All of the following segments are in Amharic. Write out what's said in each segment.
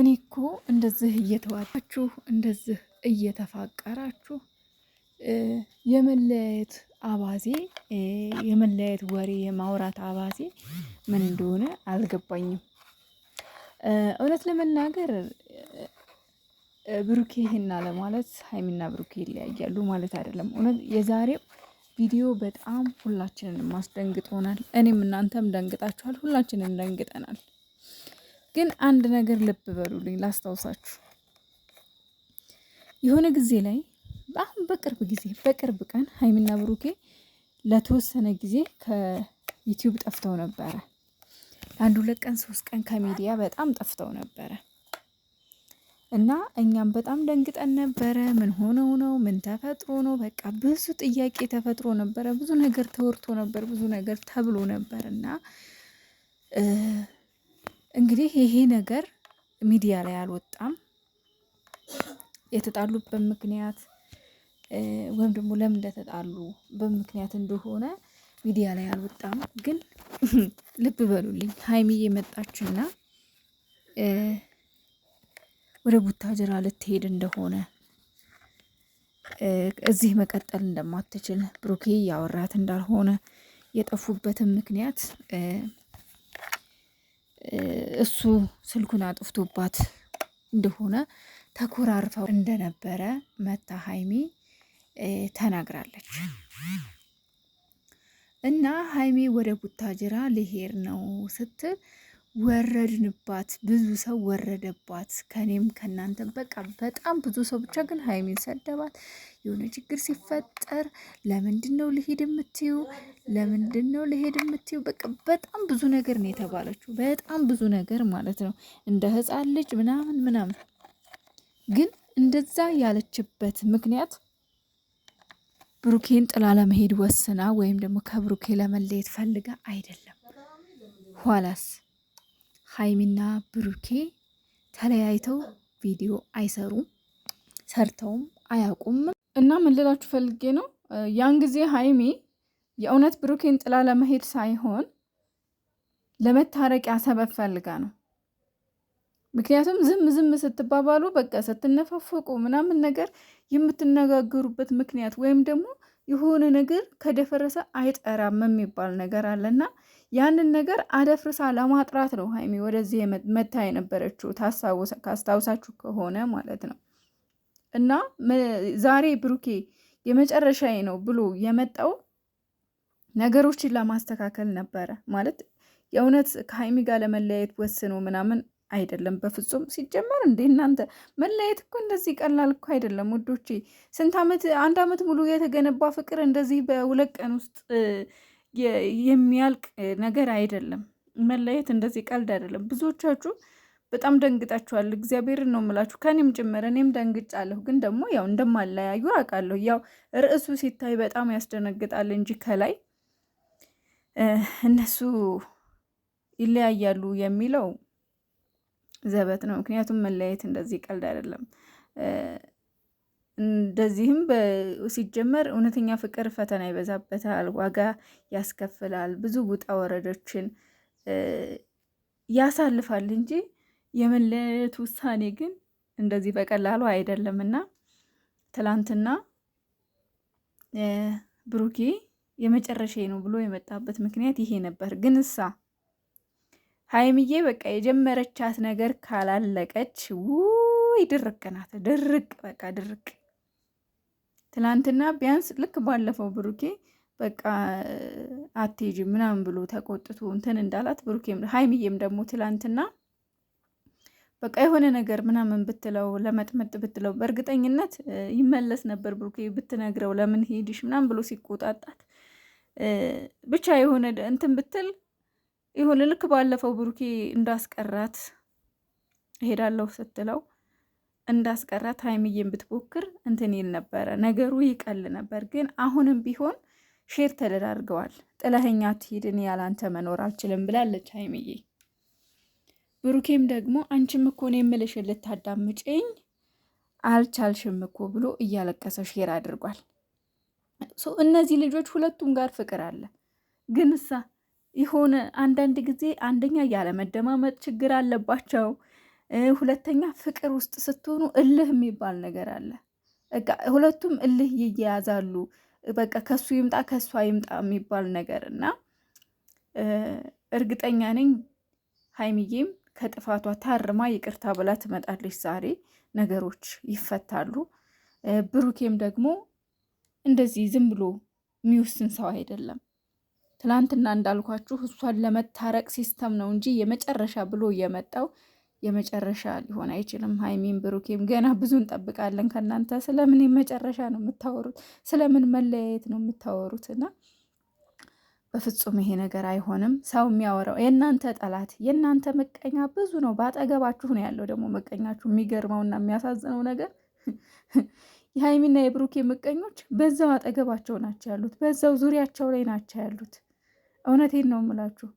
እኔ እኮ እንደዚህ እየተዋጣችሁ እንደዚህ እየተፋቀራችሁ የመለያየት አባዜ የመለያየት ወሬ የማውራት አባዜ ምን እንደሆነ አልገባኝም። እውነት ለመናገር ብሩኬ ይህና ለማለት ሀይሚና ብሩኬ ይለያያሉ ማለት አይደለም። እውነት የዛሬው ቪዲዮ በጣም ሁላችንን ማስደንግጦናል። እኔም እናንተም ደንግጣችኋል፣ ሁላችንን ደንግጠናል። ግን አንድ ነገር ልብ በሉልኝ ላስታውሳችሁ። የሆነ ጊዜ ላይ በአሁን በቅርብ ጊዜ በቅርብ ቀን ሀይሚና ብሩኬ ለተወሰነ ጊዜ ከዩቲዩብ ጠፍተው ነበረ። አንድ ሁለት ቀን ሶስት ቀን ከሚዲያ በጣም ጠፍተው ነበረ እና እኛም በጣም ደንግጠን ነበረ። ምን ሆነው ነው? ምን ተፈጥሮ ነው? በቃ ብዙ ጥያቄ ተፈጥሮ ነበረ። ብዙ ነገር ተወርቶ ነበር። ብዙ ነገር ተብሎ ነበር እና እንግዲህ ይሄ ነገር ሚዲያ ላይ አልወጣም። የተጣሉበት ምክንያት ወይም ደግሞ ለምን እንደተጣሉ በምክንያት እንደሆነ ሚዲያ ላይ አልወጣም። ግን ልብ በሉልኝ ሀይሚዬ መጣችና ወደ ቡታጅራ ልትሄድ እንደሆነ እዚህ መቀጠል እንደማትችል ብሩኬ ያወራት እንዳልሆነ የጠፉበትን ምክንያት እሱ ስልኩን አጥፍቶባት እንደሆነ ተኮራርፈው እንደነበረ መታ ሀይሚ ተናግራለች። እና ሀይሚ ወደ ቡታጅራ ልሄድ ነው ስትል ወረድንባት። ብዙ ሰው ወረደባት፣ ከኔም ከእናንተ በቃ በጣም ብዙ ሰው ብቻ ግን ሀይሚን ሰደባት። የሆነ ችግር ሲፈጠር ለምንድን ነው ልሄድ የምትዩ? ለምንድን ነው ልሄድ የምትዩ? በቃ በጣም ብዙ ነገር ነው የተባለችው፣ በጣም ብዙ ነገር ማለት ነው እንደ ህፃን ልጅ ምናምን ምናምን። ግን እንደዛ ያለችበት ምክንያት ብሩኬን ጥላ ለመሄድ ወስና ወይም ደግሞ ከብሩኬ ለመለየት ፈልጋ አይደለም። ኋላስ ሀይሚና ብሩኬ ተለያይተው ቪዲዮ አይሰሩም፣ ሰርተውም አያውቁም። እና ምን ልላችሁ ፈልጌ ነው ያን ጊዜ ሀይሚ የእውነት ብሩኬን ጥላ ለመሄድ ሳይሆን ለመታረቂያ ሰበብ ፈልጋ ነው። ምክንያቱም ዝም ዝም ስትባባሉ በቃ ስትነፋፈቁ ምናምን ነገር የምትነጋገሩበት ምክንያት ወይም ደግሞ የሆነ ነገር ከደፈረሰ አይጠራም የሚባል ነገር አለና ያንን ነገር አደፍርሳ ለማጥራት ነው ሀይሚ ወደዚህ መታ የነበረችው ካስታውሳችሁ ከሆነ ማለት ነው። እና ዛሬ ብሩኬ የመጨረሻዬ ነው ብሎ የመጣው ነገሮችን ለማስተካከል ነበረ ማለት የእውነት ከሀይሚ ጋር ለመለያየት ወስኖ ምናምን አይደለም በፍጹም። ሲጀመር እንዴ እናንተ መለየት እኮ እንደዚህ ቀላል እኮ አይደለም ውዶቼ። ስንት ዓመት አንድ ዓመት ሙሉ የተገነባ ፍቅር እንደዚህ በሁለት ቀን ውስጥ የሚያልቅ ነገር አይደለም። መለየት እንደዚህ ቀልድ አይደለም። ብዙዎቻችሁ በጣም ደንግጣችኋል። እግዚአብሔርን ነው የምላችሁ፣ ከኔም ጭምር እኔም ደንግጫለሁ። ግን ደግሞ ያው እንደማለያዩ አውቃለሁ። ያው ርዕሱ ሲታይ በጣም ያስደነግጣል እንጂ ከላይ እነሱ ይለያያሉ የሚለው ዘበት ነው። ምክንያቱም መለያየት እንደዚህ ቀልድ አይደለም። እንደዚህም ሲጀመር እውነተኛ ፍቅር ፈተና ይበዛበታል፣ ዋጋ ያስከፍላል፣ ብዙ ውጣ ወረዶችን ያሳልፋል እንጂ የመለያየት ውሳኔ ግን እንደዚህ በቀላሉ አይደለም እና ትላንትና ብሩኬ የመጨረሻ ነው ብሎ የመጣበት ምክንያት ይሄ ነበር። ግን እሳ ሀይምዬ በቃ የጀመረቻት ነገር ካላለቀች ውይ ድርቅ ናት። ድርቅ በቃ ድርቅ። ትናንትና ቢያንስ ልክ ባለፈው ብሩኬ በቃ አቴጅ ምናምን ብሎ ተቆጥቶ እንትን እንዳላት ብሩኬም ሀይምዬም ደግሞ ትላንትና በቃ የሆነ ነገር ምናምን ብትለው ለመጥመጥ ብትለው በእርግጠኝነት ይመለስ ነበር ብሩኬ ብትነግረው ለምን ሄድሽ ምናምን ብሎ ሲቆጣጣት ብቻ የሆነ እንትን ብትል ይሁን ልክ ባለፈው ብሩኬ እንዳስቀራት ሄዳለሁ ስትለው እንዳስቀራት ሀይሚዬን ብትሞክር እንትን ይል ነበረ፣ ነገሩ ይቀል ነበር። ግን አሁንም ቢሆን ሼር ተደራርገዋል። ጥለኸኛ ትሄድን ያላንተ መኖር አልችልም ብላለች ሀይሚዬ። ብሩኬም ደግሞ አንቺም እኮ እኔ የምልሽን ልታዳምጪኝ አልቻልሽም እኮ ብሎ እያለቀሰ ሼር አድርጓል። እነዚህ ልጆች ሁለቱም ጋር ፍቅር አለ ግን እሳ የሆነ አንዳንድ ጊዜ አንደኛ ያለመደማመጥ ችግር አለባቸው። ሁለተኛ ፍቅር ውስጥ ስትሆኑ እልህ የሚባል ነገር አለ። ሁለቱም እልህ ይያያዛሉ። በቃ ከሱ ይምጣ ከሷ ይምጣ የሚባል ነገር እና እርግጠኛ ነኝ ሀይሚዬም ከጥፋቷ ታርማ ይቅርታ ብላ ትመጣለች። ዛሬ ነገሮች ይፈታሉ። ብሩኬም ደግሞ እንደዚህ ዝም ብሎ የሚወስን ሰው አይደለም። ትላንትና እንዳልኳችሁ እሷን ለመታረቅ ሲስተም ነው እንጂ የመጨረሻ ብሎ የመጣው የመጨረሻ ሊሆን አይችልም። ሀይሚን ብሩኬም ገና ብዙ እንጠብቃለን ከእናንተ። ስለምን የመጨረሻ ነው የምታወሩት? ስለምን መለያየት ነው የምታወሩት? እና በፍጹም ይሄ ነገር አይሆንም። ሰው የሚያወራው የእናንተ ጠላት የእናንተ ምቀኛ ብዙ ነው፣ በአጠገባችሁ ነው ያለው። ደግሞ ምቀኛችሁ የሚገርመውና የሚያሳዝነው ነገር የሀይሚና የብሩኬ ምቀኞች በዛው አጠገባቸው ናቸው ያሉት፣ በዛው ዙሪያቸው ላይ ናቸው ያሉት። እውነቴን ነው የምላችሁ።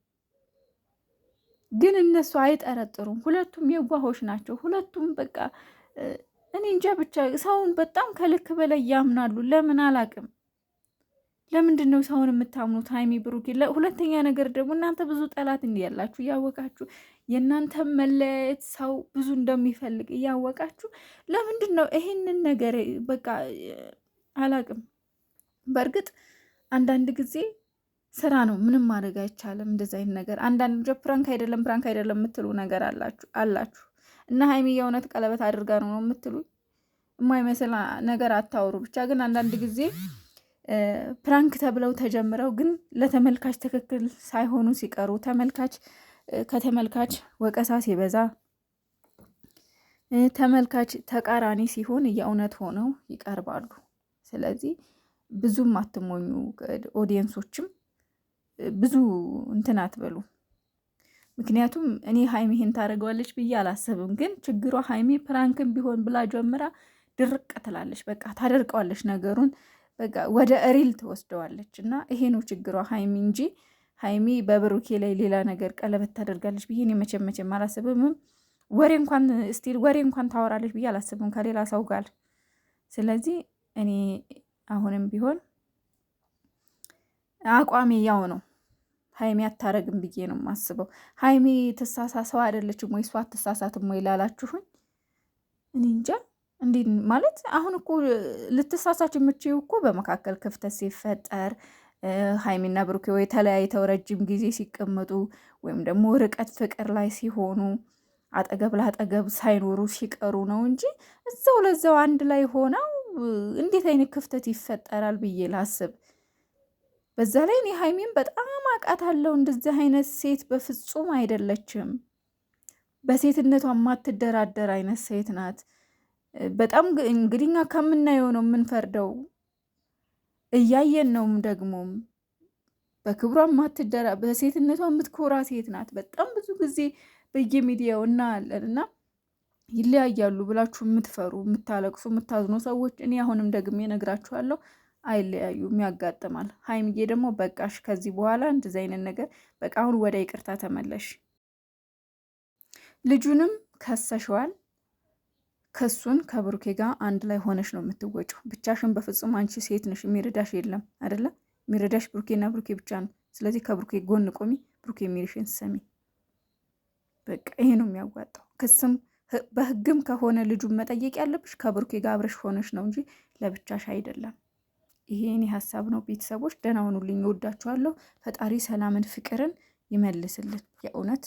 ግን እነሱ አይጠረጥሩም። ሁለቱም የዋሆች ናቸው። ሁለቱም በቃ እኔ እንጃ ብቻ ሰውን በጣም ከልክ በላይ ያምናሉ። ለምን አላቅም። ለምንድን ነው ሰውን የምታምኑት? ሀይሚ ብሩክ። ሁለተኛ ነገር ደግሞ እናንተ ብዙ ጠላት እንዲያላችሁ እያወቃችሁ የእናንተ መለያየት ሰው ብዙ እንደሚፈልግ እያወቃችሁ ለምንድን ነው ይሄንን ነገር በቃ አላቅም። በእርግጥ አንዳንድ ጊዜ ስራ ነው። ምንም ማድረግ አይቻልም። እንደዚ አይነት ነገር አንዳንድ ልጆች ፕራንክ አይደለም ፕራንክ አይደለም የምትሉ ነገር አላችሁ እና ሀይሚ የእውነት ቀለበት አድርጋ ነው ነው የምትሉ የማይመስል ነገር አታውሩ። ብቻ ግን አንዳንድ ጊዜ ፕራንክ ተብለው ተጀምረው ግን ለተመልካች ትክክል ሳይሆኑ ሲቀሩ ተመልካች ከተመልካች ወቀሳ ሲበዛ ተመልካች ተቃራኒ ሲሆን የእውነት ሆነው ይቀርባሉ። ስለዚህ ብዙም አትሞኙ ኦዲየንሶችም ብዙ እንትን አትበሉ። ምክንያቱም እኔ ሀይሚ ይሄን ታደርገዋለች ብዬ አላሰብም። ግን ችግሯ ሀይሚ ፕራንክን ቢሆን ብላ ጀምራ ድርቅ ትላለች። በቃ ታደርቀዋለች፣ ነገሩን በቃ ወደ እሪል ትወስደዋለች። እና ይሄ ነው ችግሯ ሀይሚ እንጂ ሀይሚ በብሩኬ ላይ ሌላ ነገር ቀለበት ታደርጋለች ብዬ እኔ መቼም መቼም አላስብምም። ወሬ እንኳን እስቲል ወሬ እንኳን ታወራለች ብዬ አላስብም ከሌላ ሰው ጋር። ስለዚህ እኔ አሁንም ቢሆን አቋሜ ያው ነው። ሀይሜ አታረግም ብዬ ነው የማስበው። ሀይሜ ትሳሳሰው አይደለችም ወይ እሷ አትሳሳትም ወይ ላላችሁኝ እኔ እንጃ። እንዲ ማለት አሁን እኮ ልትሳሳች የምችው እኮ በመካከል ክፍተት ሲፈጠር ሀይሜና ብሩኬ ወይ ተለያይተው ረጅም ጊዜ ሲቀመጡ ወይም ደግሞ ርቀት ፍቅር ላይ ሲሆኑ አጠገብ ለአጠገብ ሳይኖሩ ሲቀሩ ነው እንጂ እዛው ለዛው አንድ ላይ ሆነው እንዴት አይነት ክፍተት ይፈጠራል ብዬ ላስብ በዛ ላይ እኔ ሀይሚን በጣም አውቃታለሁ። እንደዚህ አይነት ሴት በፍጹም አይደለችም። በሴትነቷ የማትደራደር አይነት ሴት ናት። በጣም እንግዲህ እኛ ከምናየው ነው የምንፈርደው፣ እያየን ነውም ደግሞም በክብሯ የማትደራ በሴትነቷ የምትኮራ ሴት ናት። በጣም ብዙ ጊዜ በየሚዲያው እናያለን እና ይለያያሉ ብላችሁ የምትፈሩ የምታለቅሱ፣ የምታዝኑ ሰዎች እኔ አሁንም ደግሜ ነግራችኋለሁ አይለያዩም፣ ያጋጥማል። ሀይምዬ ደግሞ በቃሽ፣ ከዚህ በኋላ እንደዚ አይነት ነገር በቃ አሁን ወደ ይቅርታ ተመለሽ። ልጁንም ከሰሸዋል። ክሱን ከብሩኬ ጋር አንድ ላይ ሆነሽ ነው የምትወጩ። ብቻሽን በፍጹም አንቺ ሴት ነሽ፣ የሚረዳሽ የለም አደለ? የሚረዳሽ ብሩኬና ብሩኬ ብቻ ነው። ስለዚህ ከብሩኬ ጎን ቆሚ፣ ብሩኬ የሚልሽን ስሚ። በቃ ይሄ ነው የሚያዋጣው። ክስም በህግም ከሆነ ልጁን መጠየቅ ያለብሽ ከብሩኬ ጋር አብረሽ ሆነሽ ነው እንጂ ለብቻሽ አይደለም። ይሄ ሀሳብ ነው። ቤተሰቦች ደህና ሁኑልኝ። እወዳችኋለሁ። ፈጣሪ ሰላምን፣ ፍቅርን ይመልስልን የእውነት